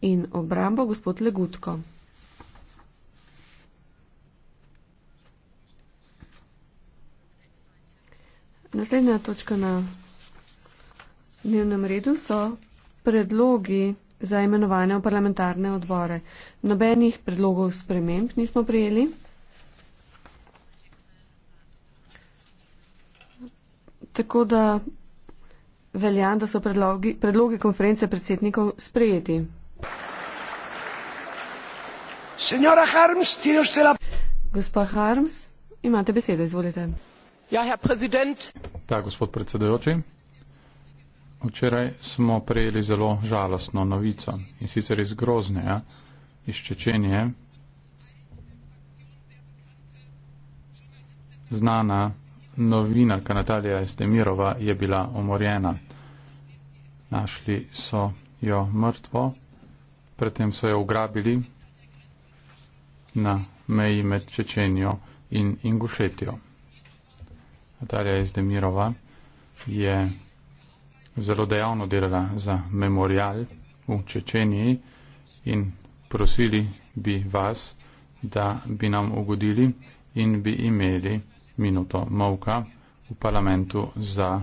in obrambo gospod Legutko. Naslednja točka na dnevnem redu so predlogi za imenovanje v parlamentarne odbore. Nobenih predlogov sprememb nismo prijeli. Tako da velja, da so predlogi, predlogi konference predsednikov sprejeti. Signora Harms, tiene usted la... Gospa Harms, imate besedo, izvolite. Ja, herr Präsident. Da, gospod predsedujoči. Včeraj smo prejeli zelo žalostno novico in sicer iz Groznega, ja, iz Čečenije. Znana novinarka Natalija Estemirova je bila umorjena. Našli so jo mrtvo, predtem so jo ugrabili na meji med Čečenijo in Ingušetijo. Natalija Izdemirova je zelo dejavno delala za memorial v Čečeniji in prosili bi vas, da bi nam ugodili in bi imeli minuto mavka v parlamentu za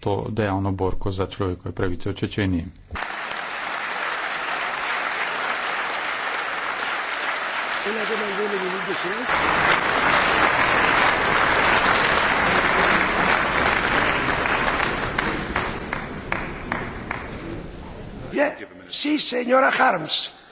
to dejavno borko za človekove pravice v Čečeniji. Ona zaman böyle bir ilgisi yok. Sí, señora Harms.